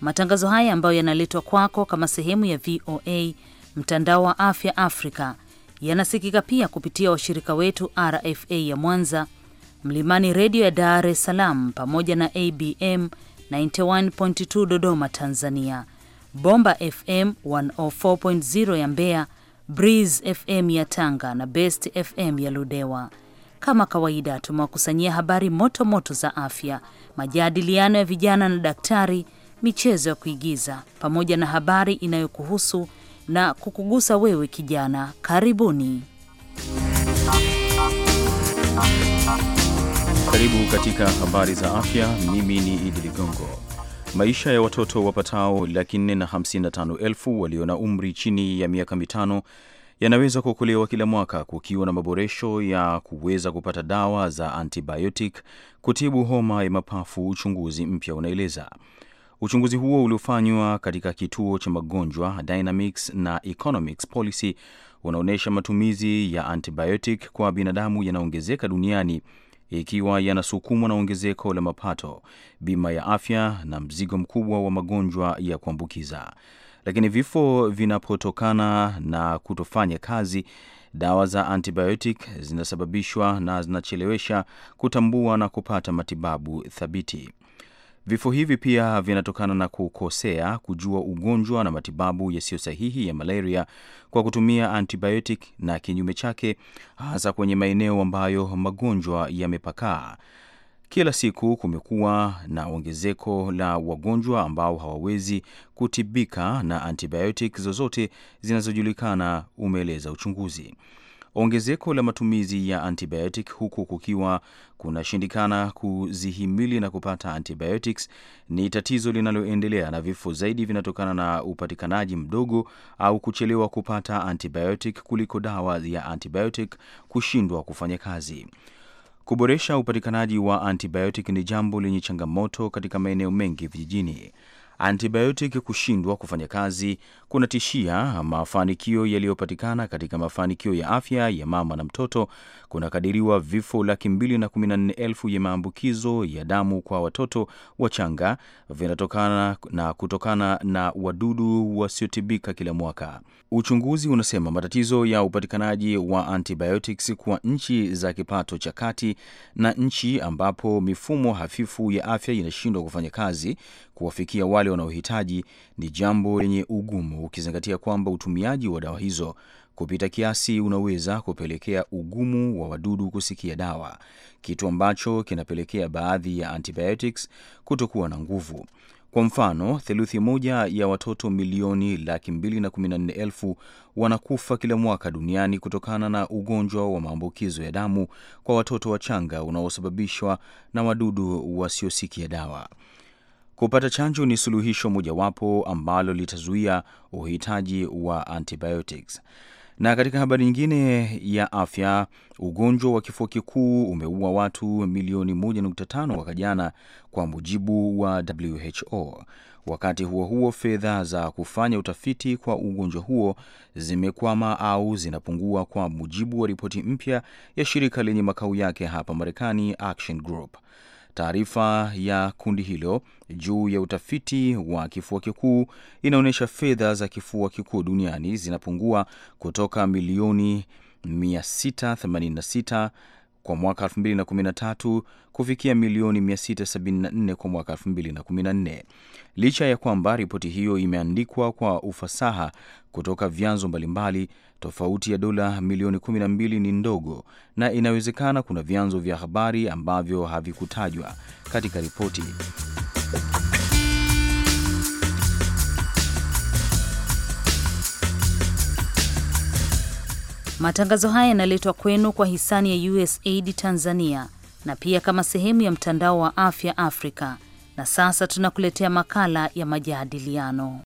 Matangazo haya ambayo yanaletwa kwako kama sehemu ya VOA mtandao wa afya Afrika yanasikika pia kupitia washirika wetu RFA ya Mwanza, Mlimani redio ya Dar es Salaam, pamoja na ABM 91.2 Dodoma Tanzania, Bomba FM 104.0 ya Mbeya, Breeze FM ya Tanga na Best FM ya Ludewa. Kama kawaida, tumewakusanyia habari moto moto za afya, majadiliano ya vijana na daktari michezo ya kuigiza pamoja na habari inayokuhusu na kukugusa wewe kijana. Karibuni. Karibu katika habari za afya. Mimi ni Idi Ligongo. Maisha ya watoto wapatao laki nne na hamsini na tano elfu walio na umri chini ya miaka mitano yanaweza kuokolewa kila mwaka kukiwa na maboresho ya kuweza kupata dawa za antibiotic kutibu homa ya mapafu, uchunguzi mpya unaeleza. Uchunguzi huo uliofanywa katika kituo cha magonjwa Dynamics na Economics Policy unaonyesha matumizi ya antibiotic kwa binadamu yanaongezeka duniani ikiwa yanasukumwa na ongezeko la mapato, bima ya afya na mzigo mkubwa wa magonjwa ya kuambukiza. Lakini vifo vinapotokana na kutofanya kazi dawa za antibiotic zinasababishwa na zinachelewesha kutambua na kupata matibabu thabiti. Vifo hivi pia vinatokana na kukosea kujua ugonjwa na matibabu yasiyo sahihi ya malaria kwa kutumia antibiotic na kinyume chake, hasa kwenye maeneo ambayo magonjwa yamepakaa. Kila siku kumekuwa na ongezeko la wagonjwa ambao hawawezi kutibika na antibiotic zozote zinazojulikana, umeeleza uchunguzi ongezeko la matumizi ya antibiotic huku kukiwa kunashindikana kuzihimili na kupata antibiotics ni tatizo linaloendelea, na vifo zaidi vinatokana na upatikanaji mdogo au kuchelewa kupata antibiotic kuliko dawa ya antibiotic kushindwa kufanya kazi. Kuboresha upatikanaji wa antibiotic ni jambo lenye changamoto katika maeneo mengi vijijini antibiotic kushindwa kufanya kazi kunatishia mafanikio yaliyopatikana katika mafanikio ya afya ya mama na mtoto. Kunakadiriwa vifo laki mbili na kumi na nne elfu ya maambukizo ya damu kwa watoto wachanga vinatokana na kutokana na wadudu wasiotibika kila mwaka. Uchunguzi unasema matatizo ya upatikanaji wa antibiotics kwa nchi za kipato cha kati na nchi ambapo mifumo hafifu ya afya inashindwa kufanya kazi kuwafikia wale wanaohitaji ni jambo lenye ugumu, ukizingatia kwamba utumiaji wa dawa hizo kupita kiasi unaweza kupelekea ugumu wa wadudu kusikia dawa, kitu ambacho kinapelekea baadhi ya antibiotics kutokuwa na nguvu. Kwa mfano, theluthi moja ya watoto milioni laki mbili na kumi na nne elfu wanakufa kila mwaka duniani kutokana na ugonjwa wa maambukizo ya damu kwa watoto wachanga unaosababishwa na wadudu wasiosikia dawa. Kupata chanjo ni suluhisho mojawapo ambalo litazuia uhitaji wa antibiotics. Na katika habari nyingine ya afya, ugonjwa wa kifua kikuu umeua watu milioni 1.5 mwaka jana, kwa mujibu wa WHO. Wakati huo huo, fedha za kufanya utafiti kwa ugonjwa huo zimekwama au zinapungua, kwa mujibu wa ripoti mpya ya shirika lenye makao yake hapa Marekani, Action Group. Taarifa ya kundi hilo juu ya utafiti wa kifua kikuu inaonyesha fedha za kifua kikuu duniani zinapungua kutoka milioni 686 kwa mwaka 2013 kufikia milioni 674 kwa mwaka 2014. Licha ya kwamba ripoti hiyo imeandikwa kwa ufasaha kutoka vyanzo mbalimbali, tofauti ya dola milioni 12 ni ndogo, na inawezekana kuna vyanzo vya habari ambavyo havikutajwa katika ripoti. Matangazo haya yanaletwa kwenu kwa hisani ya USAID Tanzania na pia kama sehemu ya mtandao wa afya Afrika. Na sasa tunakuletea makala ya majadiliano.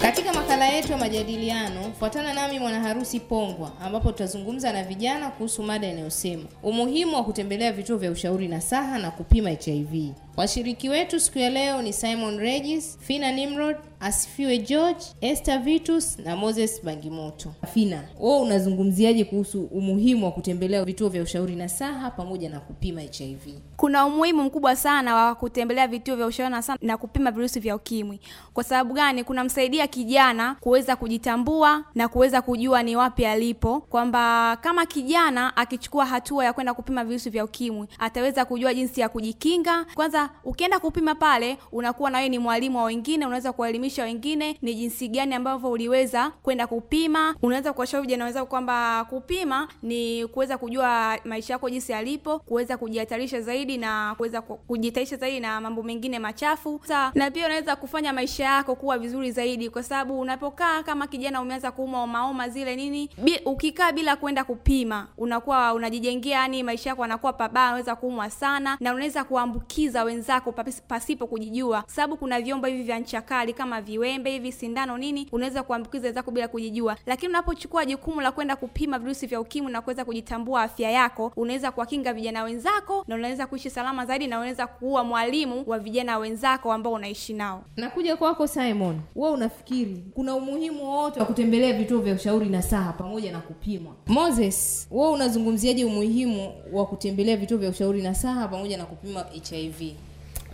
Katika makala yetu ya majadiliano Fuatana nami Mwana Harusi Pongwa, ambapo tutazungumza na vijana kuhusu mada inayosema umuhimu wa kutembelea vituo vya ushauri na saha na kupima HIV. Washiriki wetu siku ya leo ni Simon Regis, Fina Nimrod, Asifiwe George, Esther Vitus na Moses Bangimoto. Fina, wewe unazungumziaje kuhusu umuhimu wa kutembelea vituo vya ushauri na saha pamoja na kupima HIV? Kuna umuhimu mkubwa sana wa kutembelea vituo vya ushauri na saha na kupima virusi vya ukimwi. Kwa sababu gani? Kunamsaidia kijana kuweza kujitambua na kuweza kujua ni wapi alipo, kwamba kama kijana akichukua hatua ya kwenda kupima virusi vya ukimwi ataweza kujua jinsi ya kujikinga. Kwanza ukienda kupima pale, unakuwa na wewe ni mwalimu wa wengine, unaweza kuwaelimisha wengine ni jinsi gani ambavyo uliweza kwenda kupima. Unaweza kuwashauri vijana wenzako kwamba kupima ni kuweza kujua maisha yako jinsi yalipo, kuweza kujihatarisha zaidi na kuweza kujitaisha zaidi na mambo mengine machafu. na pia unaweza kufanya maisha yako kuwa vizuri zaidi, kwa sababu unapokaa kama kijana umeanza kuanza kuuma omaoma zile nini Bi, ukikaa bila kwenda kupima unakuwa unajijengea yani maisha yako anakuwa pabaya, unaweza kuumwa sana na unaweza kuambukiza wenzako pasipo kujijua, sababu kuna vyombo hivi vya nchakali kama viwembe hivi, sindano nini, unaweza kuambukiza wenzako bila kujijua. Lakini unapochukua jukumu la kwenda kupima virusi vya ukimwi na kuweza kujitambua afya yako, unaweza kuwakinga vijana wenzako na unaweza kuishi salama zaidi na unaweza kuua mwalimu wa vijana wenzako ambao unaishi nao. Nakuja kwako Simon, wewe unafikiri kuna umuhimu wowote wa kutembea kutembelea vituo vya ushauri na saha pamoja na kupimwa. Moses, wewe unazungumziaje umuhimu wa kutembelea vituo vya ushauri na saha pamoja na kupima HIV?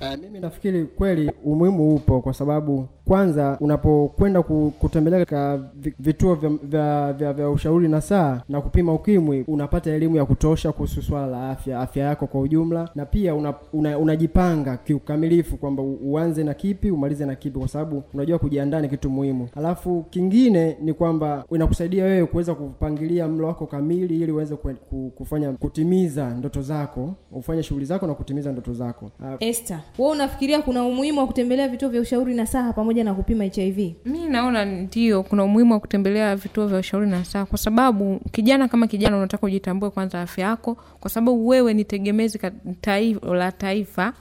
Uh, eh, mimi nafikiri kweli umuhimu upo kwa sababu kwanza unapokwenda kutembelea katika vituo vya, vya, vya, vya ushauri na saa na kupima ukimwi, unapata elimu ya kutosha kuhusu swala la afya afya yako kwa ujumla, na pia unajipanga una, una kiukamilifu kwamba uanze na kipi umalize na kipi, kwa sababu unajua kujiandaa ni kitu muhimu. Alafu kingine ni kwamba inakusaidia wewe kuweza kupangilia mlo wako kamili ili uweze kufanya kutimiza ndoto zako, ufanye shughuli zako na kutimiza ndoto zako. Esther, wewe unafikiria kuna umuhimu wa kutembelea vituo vya ushauri na saa pamoja pamoja na kupima hiv mi naona ndio kuna umuhimu wa kutembelea vituo vya ushauri na saa kwa sababu kijana kama kijana unataka ujitambue kwanza afya yako kwa sababu wewe ni tegemezi la taifa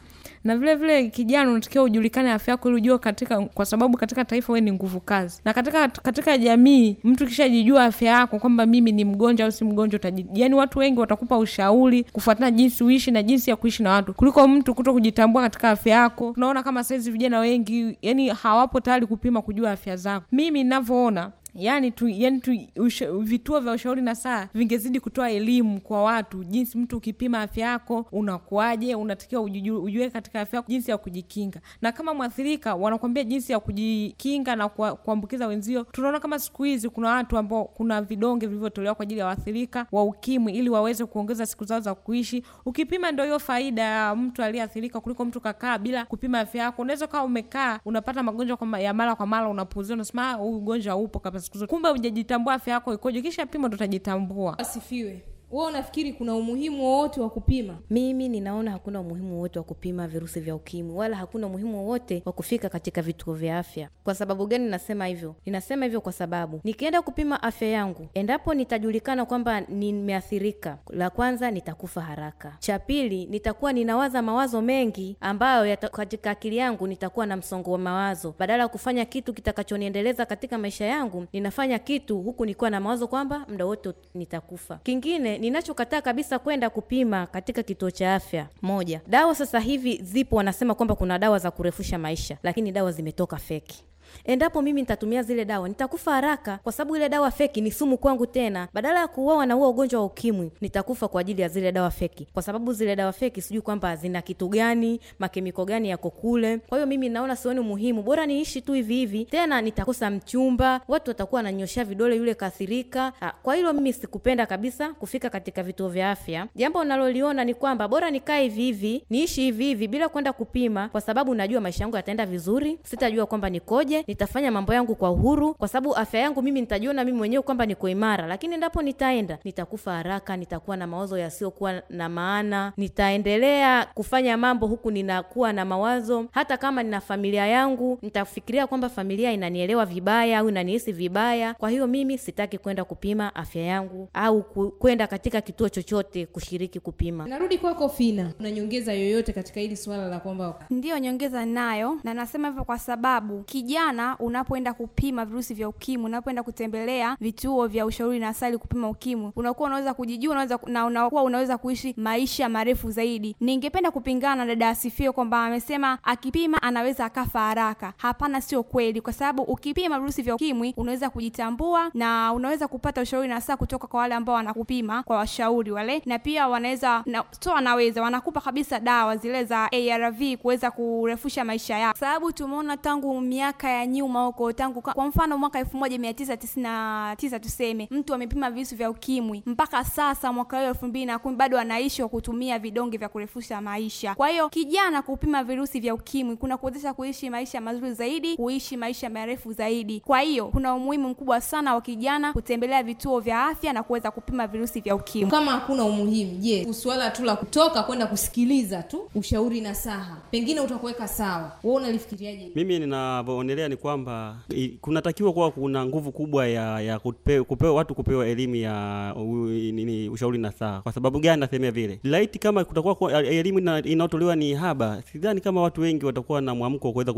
na vilevile vile kijana unatakiwa ujulikane afya yako ili ujue katika, kwa sababu katika taifa wewe ni nguvu kazi, na katika katika jamii mtu kishajijua afya yako kwamba mimi ni mgonjwa au si mgonjwa utaji, yani watu wengi watakupa ushauri kufuatana jinsi uishi na jinsi ya kuishi na watu kuliko mtu kuto kujitambua katika afya yako. Tunaona kama saizi vijana wengi yani hawapo tayari kupima kujua afya zako. Mimi ninavyoona yani tu, yani tu, usha, vituo vya ushauri na saa vingezidi kutoa elimu kwa watu, jinsi mtu ukipima afya yako unakuaje, unatakiwa ujue katika afya yako jinsi ya kujikinga, na kama mwathirika wanakuambia jinsi ya kujikinga na kuambukiza wenzio. Tunaona kama siku hizi kuna watu ambao kuna vidonge vilivyotolewa kwa ajili ya waathirika wa ukimwi ili waweze kuongeza siku zao za kuishi. Ukipima ndio hiyo faida ya mtu aliyeathirika kuliko mtu kakaa bila kupima afya yako. Unaweza ukawa umekaa unapata magonjwa ya mara kwa mara, unapuuzia, unasema ah, huu ugonjwa upo kabisa unazungumza, kumbe ujajitambua afya yako ikoje. Kisha pima ndo utajitambua. Asifiwe wewe unafikiri kuna umuhimu wowote wa kupima? Mimi ninaona hakuna umuhimu wowote wa kupima virusi vya ukimwi, wala hakuna umuhimu wowote wa kufika katika vituo vya afya. Kwa sababu gani ninasema hivyo? Ninasema hivyo kwa sababu nikienda kupima afya yangu, endapo nitajulikana kwamba nimeathirika, la kwanza nitakufa haraka, cha pili nitakuwa ninawaza mawazo mengi ambayo yata, katika akili yangu nitakuwa na msongo wa mawazo. Badala ya kufanya kitu kitakachoniendeleza katika maisha yangu, ninafanya kitu huku nikiwa na mawazo kwamba muda wote nitakufa. Kingine ninachokataa kabisa kwenda kupima katika kituo cha afya, moja, dawa sasa hivi zipo, wanasema kwamba kuna dawa za kurefusha maisha, lakini dawa zimetoka feki. Endapo mimi nitatumia zile dawa nitakufa haraka, kwa sababu ile dawa feki ni sumu kwangu. Tena badala ya kuuawa na huo ugonjwa wa ukimwi, nitakufa kwa ajili ya zile dawa feki, kwa sababu zile dawa feki sijui kwamba zina kitu gani, makemiko gani yako kule. Kwa hiyo mimi naona sioni umuhimu, bora niishi tu hivi hivi. Tena nitakosa mchumba, watu watakuwa wananyoshea vidole yule kathirika. Ah, kwa hilo mimi sikupenda kabisa kufika katika vituo vya afya. Jambo naloliona ni kwamba bora nikae hivi hivi, niishi hivi hivi bila kwenda kupima, kwa sababu najua maisha yangu yataenda vizuri, sitajua kwamba nikoje nitafanyaje, nitafanya mambo yangu kwa uhuru, kwa sababu afya yangu mimi nitajiona mimi mwenyewe kwamba niko imara, lakini endapo nitaenda nitakufa haraka, nitakuwa na mawazo yasiyokuwa na maana, nitaendelea kufanya mambo huku ninakuwa na mawazo. Hata kama nina familia yangu, nitafikiria kwamba familia inanielewa vibaya au inanihisi vibaya. Kwa hiyo mimi sitaki kwenda kupima afya yangu au kwenda katika kituo chochote kushiriki kupima. Narudi kwako Fina, una nyongeza yoyote katika hili swala la kwamba? Ndiyo, nyongeza nayo, na nasema hivyo kwa sababu kijana sana unapoenda kupima virusi vya ukimwi, unapoenda kutembelea vituo vya ushauri na asali kupima ukimwi, unakuwa unaweza kujijua, unaweza na unakuwa unaweza kuishi maisha marefu zaidi. Ningependa kupingana na dada Asifio kwamba amesema akipima anaweza akafa haraka. Hapana, sio kweli, kwa sababu ukipima virusi vya ukimwi unaweza kujitambua na unaweza kupata ushauri na saa kutoka kwa wale ambao wanakupima, kwa washauri wale, na pia wanaweza na, so wanaweza wanakupa kabisa dawa zile za ARV kuweza kurefusha maisha yako, sababu tumeona tangu miaka ya nyuma huko tangu kwa, mfano mwaka 1999 tuseme mtu amepima virusi vya ukimwi mpaka sasa mwaka huu 2010 bado anaishi kwa kutumia vidonge vya kurefusha maisha. Kwa hiyo kijana kupima virusi vya ukimwi kuna kuwezesha kuishi maisha mazuri zaidi, kuishi maisha marefu zaidi. Kwa hiyo kuna umuhimu mkubwa sana wa kijana kutembelea vituo vya afya na kuweza kupima virusi vya ukimwi. Kama hakuna umuhimu, je, yes, suala tu la kutoka kwenda kusikiliza tu ushauri na saha, pengine utakuweka sawa. Wewe unalifikiriaje? Mimi ninavyoonelea kuongelea ni kwamba kunatakiwa kuwa kuna nguvu kubwa ya, ya kupewa, kupewa watu kupewa elimu ya u, nini, ushauri na saa. Kwa sababu gani nasemea vile? Laiti kama kutakuwa elimu inayotolewa ni haba, sidhani kama watu wengi watakuwa na mwamko wa kuweza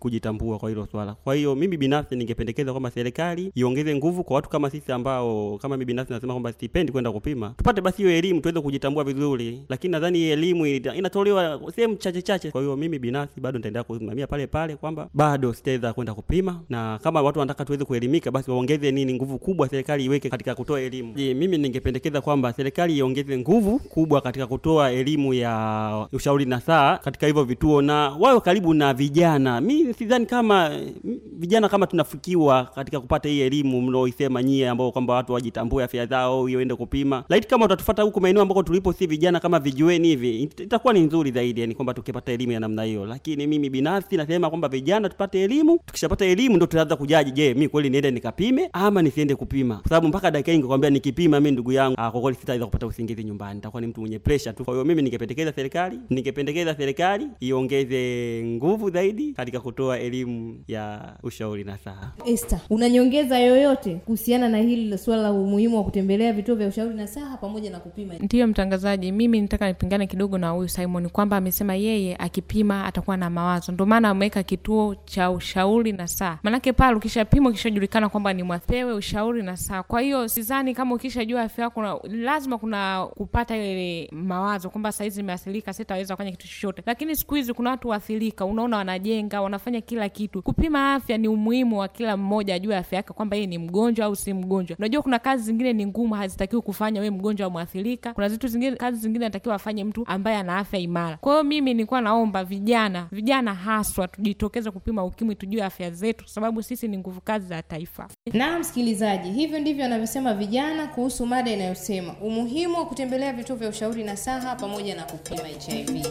kujitambua kwa hilo swala. Kwa hiyo mimi binafsi ningependekeza kwamba serikali iongeze nguvu kwa watu kama sisi ambao, kama mimi binafsi nasema kwamba sipendi kwenda kupima, tupate basi hiyo elimu tuweze kujitambua vizuri, lakini nadhani elimu inatolewa sehemu chache chache. Kwa hiyo mimi binafsi bado nitaendelea kusimamia pale pale kwamba bado sitaweza ya kwenda kupima, na kama watu wanataka tuweze kuelimika, basi waongeze nini, nguvu kubwa serikali iweke katika kutoa elimu. Je, mimi ningependekeza kwamba serikali iongeze nguvu kubwa katika kutoa elimu ya ushauri saa katika hivyo vituo, na wawe karibu na vijana. Mi sidhani kama vijana kama tunafikiwa katika kupata hii elimu mnaoisema nyie, ambao kwamba watu wajitambue afya zao, iende kupima. lakini kama utatufata huku maeneo ambako tulipo si vijana kama vijueni hivi, itakuwa ni nzuri zaidi, yani kwamba tukipata elimu ya namna hiyo. Lakini mimi binafsi nasema kwamba vijana tupate elimu Tukishapata elimu ndo tunaanza kujaji, je, mi kweli niende nikapime ama nisiende kupima? Kwa sababu mpaka dakika hii ningekwambia nikipima mi ndugu yangu ah, kwa kweli sitaweza kupata usingizi nyumbani, nitakuwa ni mtu mwenye pressure tu. Kwa hiyo mimi ningependekeza serikali ningependekeza serikali iongeze nguvu zaidi katika kutoa elimu ya ushauri na saha. Esther, unanyongeza yoyote kuhusiana na hili suala la umuhimu wa kutembelea vituo vya ushauri na saha pamoja na kupima? Ndiyo mtangazaji, mimi nitaka nipingane kidogo na huyu Simon kwamba amesema yeye akipima atakuwa na mawazo, ndio maana ameweka kituo cha ushauri ushauri na saa, maanake pale ukishapimwa ukishajulikana kwamba ni mwathewe, ushauri na saa. Kwa hiyo sidhani kama ukishajua afya yako lazima kuna kupata ile mawazo kwamba saizi nimeathirika, sitaweza kufanya kitu chochote. Lakini siku hizi kuna watu waathirika, unaona wanajenga, wanafanya kila kitu. Kupima afya ni umuhimu wa kila mmoja ajue afya yake kwamba yeye ni mgonjwa au si mgonjwa. Unajua kuna kazi zingine ni ngumu, hazitakiwi kufanya wewe mgonjwa au mwathirika. Kuna zitu zingine, kazi zingine anatakiwa afanye mtu ambaye ana afya imara. Kwa hiyo mimi nilikuwa naomba vijana, vijana haswa tujitokeze kupima ukimwi, tujue ya afya zetu, kwa sababu sisi ni nguvu kazi za taifa. Na msikilizaji, hivyo ndivyo anavyosema vijana kuhusu mada inayosema umuhimu wa kutembelea vituo vya ushauri na saha pamoja na kupima HIV.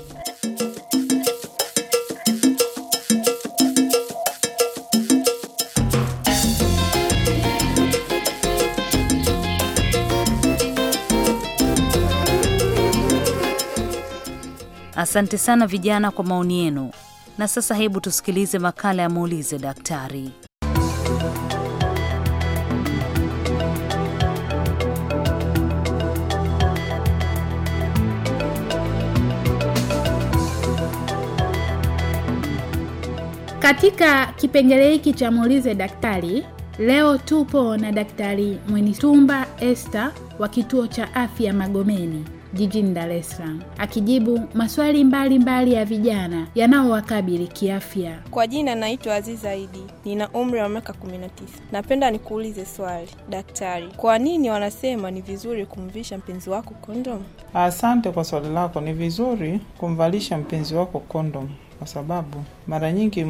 Asante sana vijana kwa maoni yenu. Na sasa hebu tusikilize makala ya muulize daktari. Katika kipengele hiki cha muulize daktari leo tupo na Daktari Mwenitumba Esther wa kituo cha afya Magomeni jijini Dar es Salaam akijibu maswali mbalimbali mbali ya vijana yanaowakabili kiafya. Kwa jina naitwa Aziz Zaidi, nina umri wa miaka 19. Napenda nikuulize swali daktari, kwa nini wanasema ni vizuri kumvisha mpenzi wako kondom? Asante kwa swali lako. Ni vizuri kumvalisha mpenzi wako kondom kwa sababu mara nyingi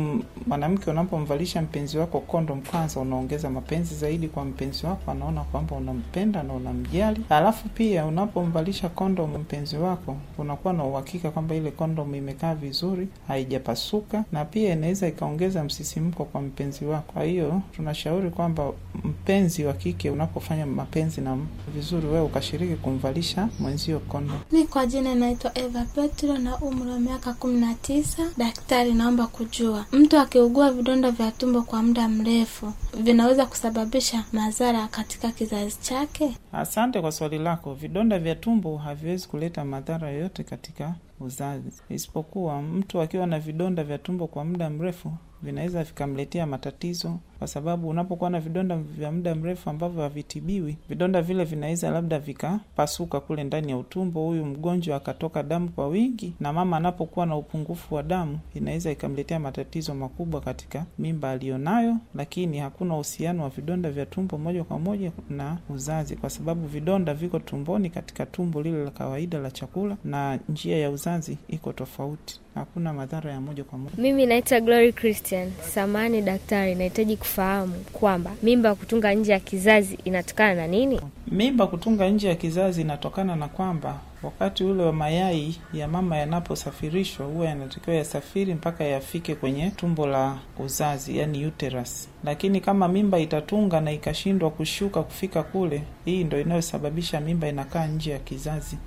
mwanamke unapomvalisha mpenzi wako kondom, kwanza unaongeza mapenzi zaidi kwa mpenzi wako, anaona kwamba unampenda na unamjali. Alafu pia unapomvalisha kondom mpenzi wako, unakuwa na uhakika kwamba ile kondom imekaa vizuri, haijapasuka, na pia inaweza ikaongeza msisimko kwa mpenzi wako. Kwa hiyo tunashauri kwamba mpenzi wa kike unapofanya mapenzi na vizuri, wewe ukashiriki kumvalisha mwenzio kondom. Mi kwa jina naitwa Eva Petro na umri wa miaka kumi na tisa. Daktari, naomba kujua, mtu akiugua vidonda vya tumbo kwa muda mrefu vinaweza kusababisha madhara katika kizazi chake? Asante kwa swali lako. Vidonda vya tumbo haviwezi kuleta madhara yoyote katika uzazi. Isipokuwa mtu akiwa na vidonda vya tumbo kwa muda mrefu vinaweza vikamletea matatizo, kwa sababu unapokuwa na vidonda vya muda mrefu ambavyo havitibiwi, vidonda vile vinaweza labda vikapasuka kule ndani ya utumbo, huyu mgonjwa akatoka damu kwa wingi, na mama anapokuwa na upungufu wa damu inaweza ikamletea matatizo makubwa katika mimba aliyonayo. Lakini hakuna uhusiano wa vidonda vya tumbo moja kwa moja na uzazi, kwa sababu vidonda viko tumboni, katika tumbo lile la kawaida la chakula, na njia ya uzazi kizazi iko tofauti, hakuna madhara ya moja kwa moja. Mimi naitwa Glory Christian. Samani daktari, nahitaji kufahamu kwamba mimba kutunga nje ya kizazi inatokana na nini? Mimba kutunga nje ya kizazi inatokana na kwamba wakati ule wa mayai ya mama yanaposafirishwa huwa yanatakiwa yasafiri mpaka yafike kwenye tumbo la uzazi, yani uterus. Lakini kama mimba itatunga na ikashindwa kushuka kufika kule, hii ndo inayosababisha mimba inakaa nje ya kizazi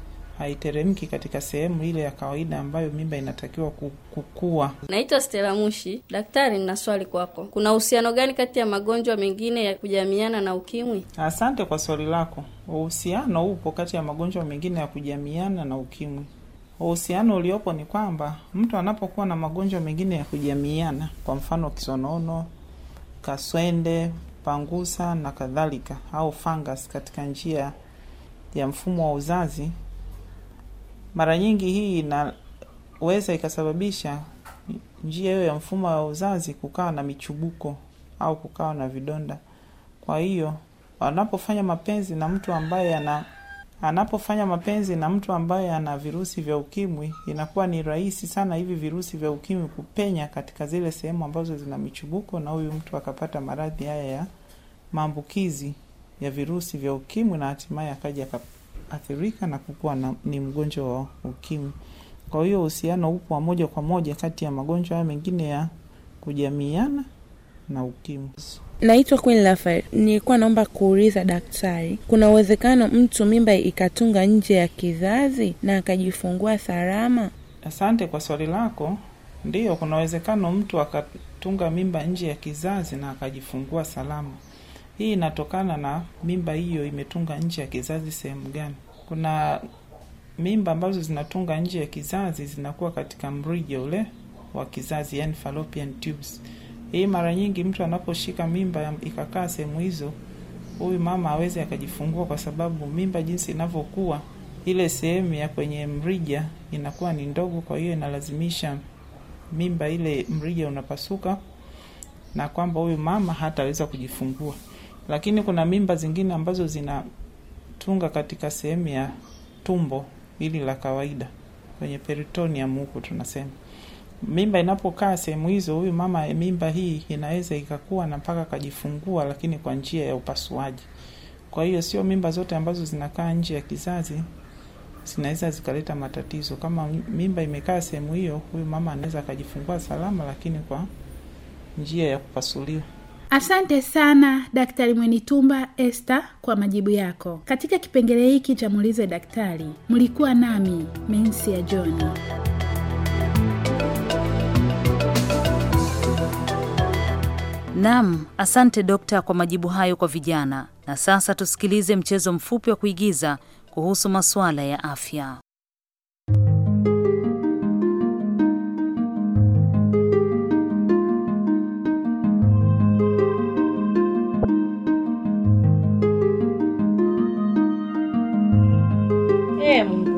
haiteremki katika sehemu ile ya kawaida ambayo mimba inatakiwa kukua. Naitwa Stella Mushi. Daktari, nina swali kwako. Kuna uhusiano gani kati ya magonjwa mengine ya kujamiana na ukimwi? Asante kwa swali lako. Uhusiano upo kati ya magonjwa mengine ya kujamiana na ukimwi. Uhusiano uliopo ni kwamba mtu anapokuwa na magonjwa mengine ya kujamiana, kwa mfano kisonono, kaswende, pangusa na kadhalika, au fangas katika njia ya mfumo wa uzazi, mara nyingi hii inaweza ikasababisha njia hiyo ya mfumo wa uzazi kukawa na michubuko au kukawa na vidonda. Kwa hiyo wanapofanya mapenzi na mtu ambaye ana anapofanya mapenzi na mtu ambaye ana virusi vya ukimwi, inakuwa ni rahisi sana hivi virusi vya ukimwi kupenya katika zile sehemu ambazo zina michubuko, na huyu mtu akapata maradhi haya ya maambukizi ya virusi vya ukimwi na hatimaye akaja kuathirika na kukuwa na, ni mgonjwa wa ukimwi. Kwa hiyo uhusiano upo wa moja kwa moja kati ya magonjwa haya mengine ya kujamiana na ukimwi. Naitwa Queen Rafael, Nilikuwa naomba kuuliza daktari, kuna uwezekano mtu mimba ikatunga nje ya kizazi na akajifungua salama? Asante kwa swali lako. Ndiyo, kuna uwezekano mtu akatunga mimba nje ya kizazi na akajifungua salama. Hii inatokana na mimba hiyo imetunga nje ya kizazi sehemu gani. Kuna mimba ambazo zinatunga nje ya kizazi zinakuwa katika mrija ule wa kizazi, yani fallopian tubes. Hii mara nyingi mtu anaposhika mimba ikakaa sehemu hizo, huyu mama hawezi akajifungua, kwa sababu mimba jinsi inavyokuwa, ile sehemu ya kwenye mrija inakuwa ni ndogo, kwa hiyo inalazimisha mimba ile, mrija unapasuka, na kwamba huyu mama hataweza kujifungua. Lakini kuna mimba zingine ambazo zinatunga katika sehemu ya tumbo hili la kawaida, kwenye peritonium huku tunasema. Mimba inapokaa sehemu hizo, huyu mama mimba hii inaweza ikakuwa na mpaka akajifungua, lakini kwa njia ya upasuaji. Kwa hiyo sio mimba zote ambazo zinakaa nje ya kizazi zinaweza zikaleta matatizo. Kama mimba imekaa sehemu hiyo, huyu mama anaweza akajifungua salama, lakini kwa njia ya kupasuliwa. Asante sana Daktari Mwenitumba este kwa majibu yako. Katika kipengele hiki cha muulize daktari, mlikuwa nami Mensi ya John. nam asante dokta kwa majibu hayo kwa vijana. Na sasa tusikilize mchezo mfupi wa kuigiza kuhusu masuala ya afya.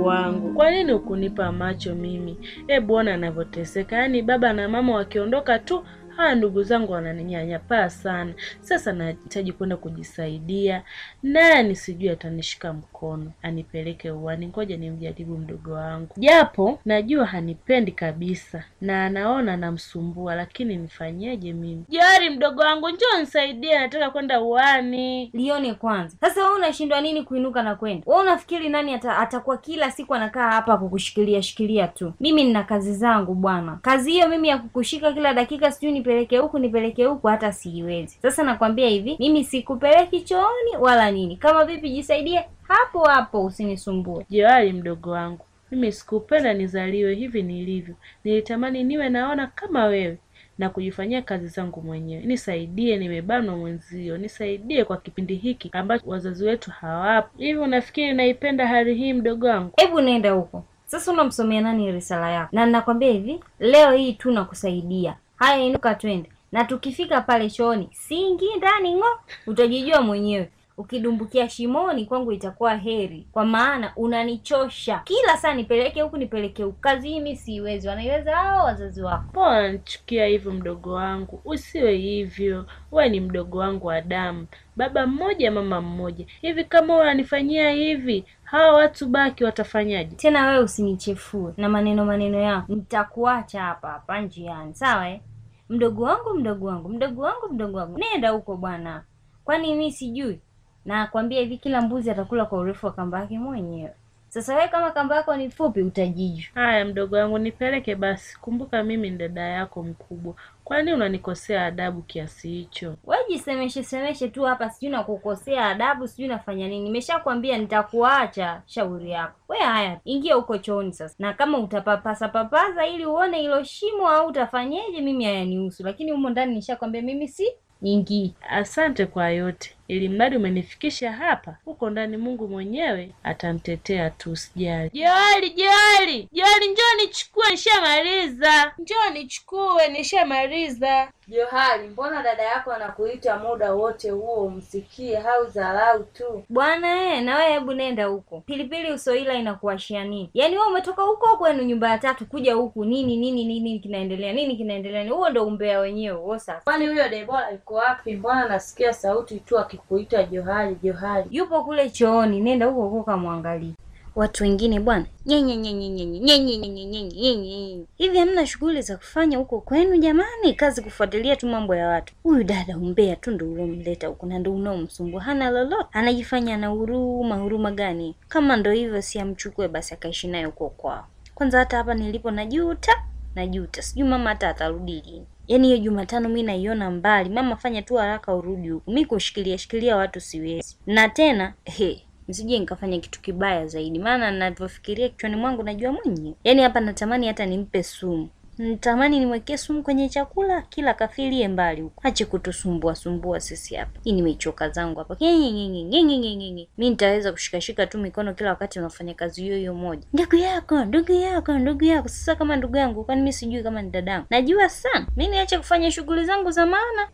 wangu, kwa nini ukunipa macho mimi? e bwana anavyoteseka, yaani baba na mama wakiondoka tu hawa ndugu zangu wananinyanyapaa sana. Sasa nahitaji kwenda kujisaidia, naye nisijui atanishika mkono mkono anipeleke uwani, ngoja nimjaribu mdogo wangu, japo najua hanipendi kabisa na anaona namsumbua, lakini nifanyeje mimi? jari mdogo wangu, njoo nisaidie, nataka kwenda uwani. Lione kwanza. Sasa wewe unashindwa nini kuinuka na kwenda? Wewe unafikiri nani ata, atakuwa kila siku anakaa hapa kukushikilia shikilia tu? Mimi nina kazi zangu bwana. Kazi hiyo mimi ya kukushika kila dakika, sijui nipeleke huku nipeleke huku, hata siiwezi. Sasa nakwambia hivi, mimi sikupeleki chooni wala nini. Kama vipi, jisaidie hapo hapo, usinisumbue. Jewali mdogo wangu, mimi sikupenda nizaliwe hivi nilivyo, nilitamani niwe naona kama wewe na kujifanyia kazi zangu mwenyewe. Nisaidie, nimebanwa mwenzio, nisaidie kwa kipindi hiki ambacho wazazi wetu hawapo. Hivi unafikiri naipenda hali hii, mdogo wangu? Hebu nenda huko sasa, unamsomea nani risala yako? Na nakwambia hivi, leo hii tu nakusaidia. Haya, inuka twende, na tukifika pale chooni, singi ndani ng'o, utajijua mwenyewe ukidumbukia shimoni kwangu itakuwa heri, kwa maana unanichosha kila saa, nipeleke huku nipeleke huku, kazi hii mi siiwezi. Wanaiweza hao wazazi wako. Poa, wananichukia hivyo. Mdogo wangu, usiwe hivyo, we ni mdogo wangu wa damu, baba mmoja mama mmoja. Hivi kama unanifanyia hivi hawa watu baki watafanyaje tena? Wewe usinichefue na maneno maneno yako, nitakuacha hapa hapa njiani, sawa eh? Mdogo wangu mdogo wangu mdogo wangu mdogo wangu, nenda huko bwana, kwani mi sijui na akwambia hivi, kila mbuzi atakula kwa urefu wa kamba yake mwenyewe. Sasa wewe kama kamba yako ni fupi utajijwa. Haya mdogo wangu, nipeleke basi. Kumbuka mimi ni dada yako mkubwa, kwani unanikosea adabu kiasi hicho? We jisemeshe semeshe tu hapa, sijui nakukosea adabu, sijui nafanya nini. Nimeshakwambia nitakuacha, shauri yako we. Haya, ingia huko chooni sasa, na kama utapapasa papaza ili uone hilo shimo au utafanyeje, mimi hayanihusu, lakini humo ndani nishakwambia mimi si ingii. Asante kwa yote ili mradi umenifikisha hapa, huko ndani Mungu mwenyewe atamtetea tu, usijali. Joeli, Joeli, Joeli, njoo nichukue, nishamaliza. Njoo nichukue, nishamaliza. Johari, mbona dada yako anakuita muda wote huo umsikie, hau dharau tu bwana. E, na wewe hebu nenda huko. Pilipili Usoila inakuashia nini? Yaani wewe umetoka huko kwenu nyumba ya tatu kuja huku nini nini nini kinaendelea, nini kinaendelea? Huo ndo umbea wenyewe huo. Sasa kwani huyo Debora yuko wapi? Mbona nasikia sauti tu akikuita Johari, Johari yupo kule chooni, nenda huko huko kamwangalie. Watu wengine bwana, nyenye nyenye nyenye nyenye nyenye nyenye nyenye. Hivi hamna shughuli za kufanya huko kwenu jamani? Kazi kufuatilia tu mambo ya watu. Huyu dada umbea tu ndio uliomleta huko na ndio unaomsumbua, hana lolote, anajifanya na huruma. Huruma gani? Kama ndio hivyo, si amchukue basi akaishi naye huko kwao. Kwanza hata hapa nilipo najuta, najuta, sijui mama hata atarudi lini. Yaani hiyo Jumatano mi naiona mbali, mama fanya tu haraka urudi huku, mi kushikilia shikilia watu siwezi. Na tena he, msije nikafanya kitu kibaya zaidi, maana ninavyofikiria kichwani mwangu najua mwenyewe. Yaani hapa natamani hata nimpe sumu Ntamani nimwekee sumu kwenye chakula kila kafilie mbali huko, ache kutusumbua sumbua sisi hapa. Hii nimechoka zangu hapa, mi nitaweza kushikashika tu mikono kila wakati unafanya kazi hiyo hiyo moja, ndugu yako ndugu yako ndugu yako. Sasa kama ndugu yangu, kwani mi sijui kama ni dadangu? Najua sana Mimi niache kufanya shughuli zangu za maana.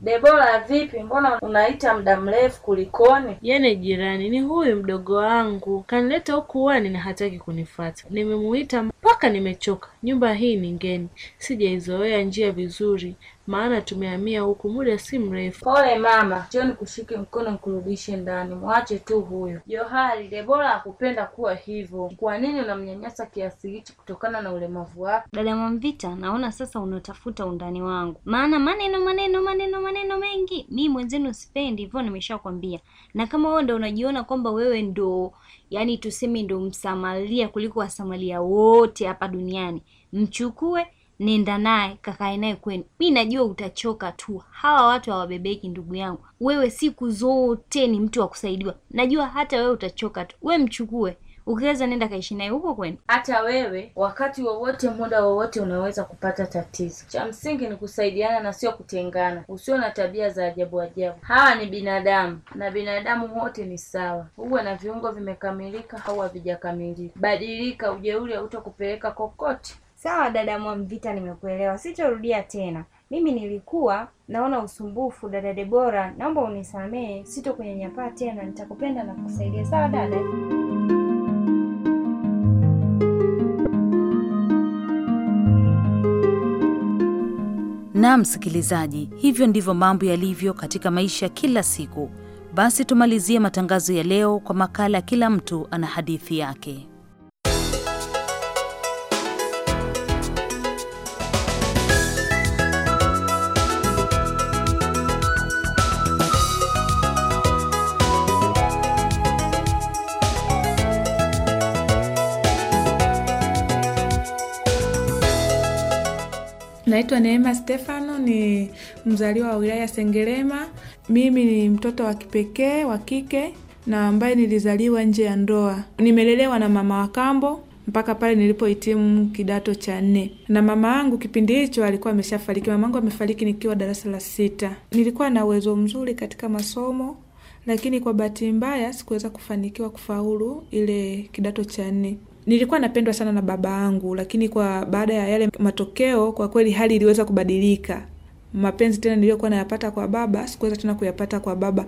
Debora, vipi? Mbona unaita muda mrefu, kulikoni? Yene jirani ni huyu mdogo wangu, kanileta huku wani na hataki kunifuata, nimemuita mpaka nimechoka nimechoka. Nyumba hii ni ngeni, sijaizoea njia vizuri maana tumehamia huku muda si mrefu. Pole mama, John kushike mkono mkurudishe ndani, mwache tu huyo Johari. Debora hakupenda kuwa hivyo. Kwa nini unamnyanyasa kiasi hichi kutokana na ulemavu wako Dada Mwamvita, naona sasa unatafuta undani wangu, maana maneno maneno maneno maneno mengi. Mi mwenzenu sipendi hivyo, nimeshakwambia. Na kama wewe ndo unajiona kwamba wewe ndo yani tuseme ndo msamalia kuliko wasamalia wote hapa duniani, mchukue nenda naye kakae naye kwenu. Mi najua utachoka tu, hawa watu hawabebeki. Ndugu yangu, wewe siku zote ni mtu wa kusaidiwa. Najua hata wewe utachoka tu, we mchukue ukiweza nenda kaishi naye huko kwenu. Hata wewe wakati wowote, muda wowote unaweza kupata tatizo. Cha msingi ni kusaidiana na sio kutengana. Usio na tabia za ajabu ajabu. Hawa ni binadamu na binadamu wote ni sawa, huwe na viungo vimekamilika au havijakamilika. Badilika, ujeuri hautakupeleka kokote. Sawa dada Mwamvita, nimekuelewa, sitorudia tena. Mimi nilikuwa naona usumbufu. Dada Debora, naomba unisamehe, nyapaa tena, nitakupenda na kukusaidia. Sawa dada. Na msikilizaji, hivyo ndivyo mambo yalivyo katika maisha kila siku. Basi tumalizie matangazo ya leo kwa makala, kila mtu ana hadithi yake. Naitwa Neema Stefano, ni mzaliwa wa wilaya Sengerema. Mimi ni mtoto wa kipekee wa kike na ambaye nilizaliwa nje ya ndoa. Nimelelewa na mama wa kambo mpaka pale nilipohitimu kidato cha nne, na mama yangu kipindi hicho alikuwa ameshafariki. Mama yangu amefariki nikiwa darasa la sita. Nilikuwa na uwezo mzuri katika masomo, lakini kwa bahati mbaya sikuweza kufanikiwa kufaulu ile kidato cha nne. Nilikuwa napendwa sana na baba yangu, lakini kwa baada ya yale matokeo, kwa kweli hali iliweza kubadilika. Mapenzi tena niliyokuwa nayapata kwa baba sikuweza tena kuyapata kwa baba.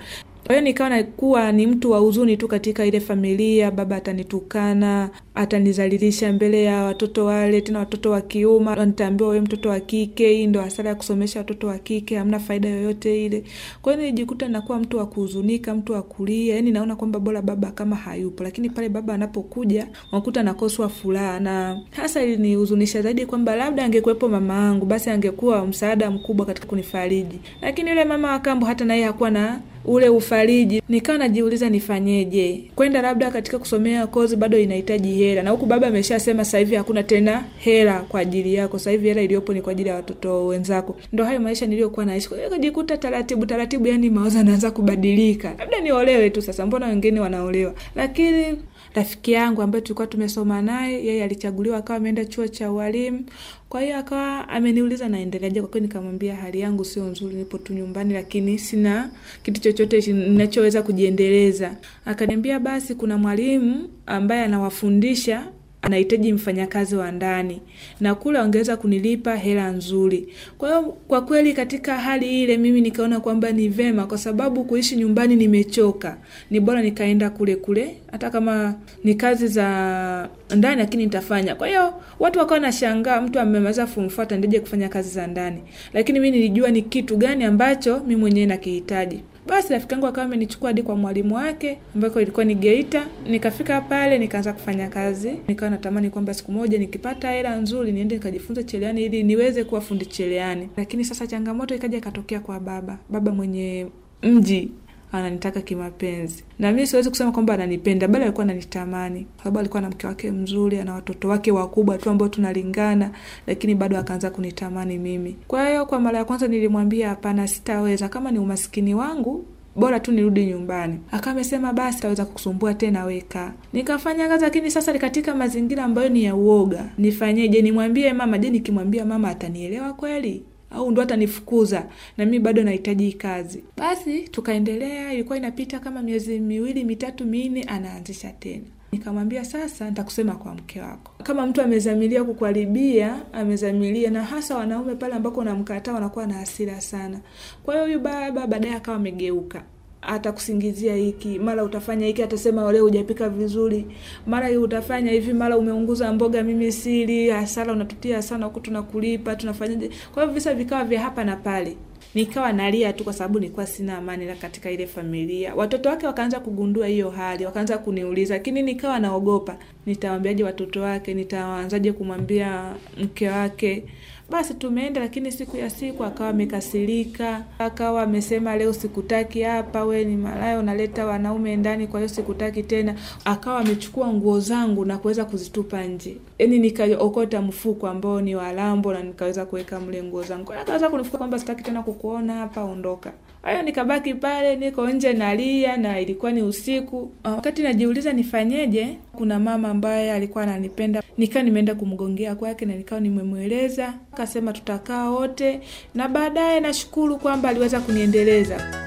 Kwa hiyo nikawa nakuwa ni mtu wa huzuni tu katika ile familia, baba atanitukana, atanizalilisha mbele ya watoto wale, tena watoto wa kiuma, nitaambiwa we mtoto wa kike, hii ndo hasara ya kusomesha watoto wa kike, hamna faida yoyote ile. Kwa hiyo nilijikuta nakuwa mtu wa kuhuzunika, mtu wa kulia, yani naona kwamba bora baba kama hayupo, lakini pale baba anapokuja unakuta nakoswa furaha, na hasa ilinihuzunisha zaidi kwamba labda angekuwepo mama angu, basi angekuwa msaada mkubwa katika kunifariji, lakini yule mama wa kambo hata naye hakuwa na ule ufariji. Nikawa najiuliza nifanyeje, kwenda labda katika kusomea kozi bado inahitaji hela, na huku baba ameshasema sasa hivi hakuna tena hela kwa ajili yako, sasa hivi hela iliyopo ni kwa ajili ya watoto wenzako. Ndo hayo maisha niliyokuwa naishi. kajikuta taratibu taratibu, yani mawazo anaanza kubadilika, labda niolewe tu sasa, mbona wengine wanaolewa. Lakini rafiki yangu ambaye tulikuwa tumesoma naye, yeye alichaguliwa akawa ameenda chuo cha ualimu kwa hiyo akawa ameniuliza naendeleaje, kwa kweli nikamwambia hali yangu sio nzuri, nipo tu nyumbani, lakini sina kitu chochote ninachoweza kujiendeleza. Akaniambia basi kuna mwalimu ambaye anawafundisha anahitaji mfanyakazi wa ndani na kule wangeweza kunilipa hela nzuri. Kwa hiyo kwa kweli, katika hali ile mimi nikaona kwamba ni vema, kwa sababu kuishi nyumbani nimechoka, ni bora nikaenda kule kule, hata kama ni kazi za ndani, lakini nitafanya. Kwa hiyo watu wakawa nashangaa, mtu amemaliza fumfuata ndeje kufanya kazi za ndani? Lakini mi nilijua ni kitu gani ambacho mi mwenyewe nakihitaji. Basi rafiki yangu akawa amenichukua hadi kwa mwalimu wake ambako ilikuwa ni Geita. Nikafika pale nikaanza kufanya kazi, nikawa natamani kwamba siku moja nikipata hela nzuri niende nikajifunza cheleani ili niweze kuwa fundi cheleani. Lakini sasa changamoto ikaja ikatokea kwa baba, baba mwenye mji ananitaka kimapenzi, na mi siwezi kusema kwamba ananipenda, bali alikuwa ananitamani, kwa sababu alikuwa na mke wake mzuri, ana watoto wake wakubwa tu ambao tunalingana, lakini bado akaanza kunitamani mimi. Kwa hiyo kwa mara ya kwanza nilimwambia hapana, sitaweza, kama ni umaskini wangu bora tu nirudi nyumbani. Akawa amesema basi taweza kukusumbua tena, weka. Nikafanya kazi, lakini sasa katika mazingira ambayo ni ya uoga. Nifanyeje? Nimwambie mama? Je, nikimwambia mama atanielewa kweli? au ndo atanifukuza na mimi bado nahitaji kazi. Basi tukaendelea, ilikuwa inapita kama miezi miwili mitatu minne, anaanzisha tena. Nikamwambia sasa, nitakusema kwa mke wako. Kama mtu amezamilia kukuharibia, amezamilia, na hasa wanaume pale ambako unamkataa wanakuwa na hasira sana. Kwa hiyo huyu baba baadaye akawa amegeuka atakusingizia hiki, mara utafanya hiki, atasema leo hujapika vizuri, mara hii utafanya hivi, mara umeunguza mboga, mimi sili, hasara unatutia sana huku, tunakulipa tunafanyaje? Kwa hiyo visa vikawa vya hapa na pale, nikawa nalia tu, kwa sababu nilikuwa sina amani la katika ile familia. Watoto wake wakaanza kugundua hiyo hali, wakaanza kuniuliza, lakini nikawa naogopa, nitawaambiaje watoto wake? Nitaanzaje kumwambia mke wake? Basi tumeenda, lakini siku ya siku akawa amekasirika, akawa amesema leo sikutaki hapa, we ni malaya, unaleta wanaume ndani, kwa hiyo sikutaki tena. Akawa amechukua nguo zangu na kuweza kuzitupa nje, yani nikaokota mfuko ambao ni walambo na nikaweza kuweka mle nguo zangu, akaweza kunifuka kwamba sitaki tena kukuona hapa, ondoka. Hayo nikabaki pale niko nje nalia, na ilikuwa ni usiku. Ah, wakati najiuliza nifanyeje, kuna mama ambaye alikuwa ananipenda, nikawa nimeenda kumgongea kwake na nikawa nimemweleza, akasema tutakaa wote, na baadaye nashukuru kwamba aliweza kuniendeleza.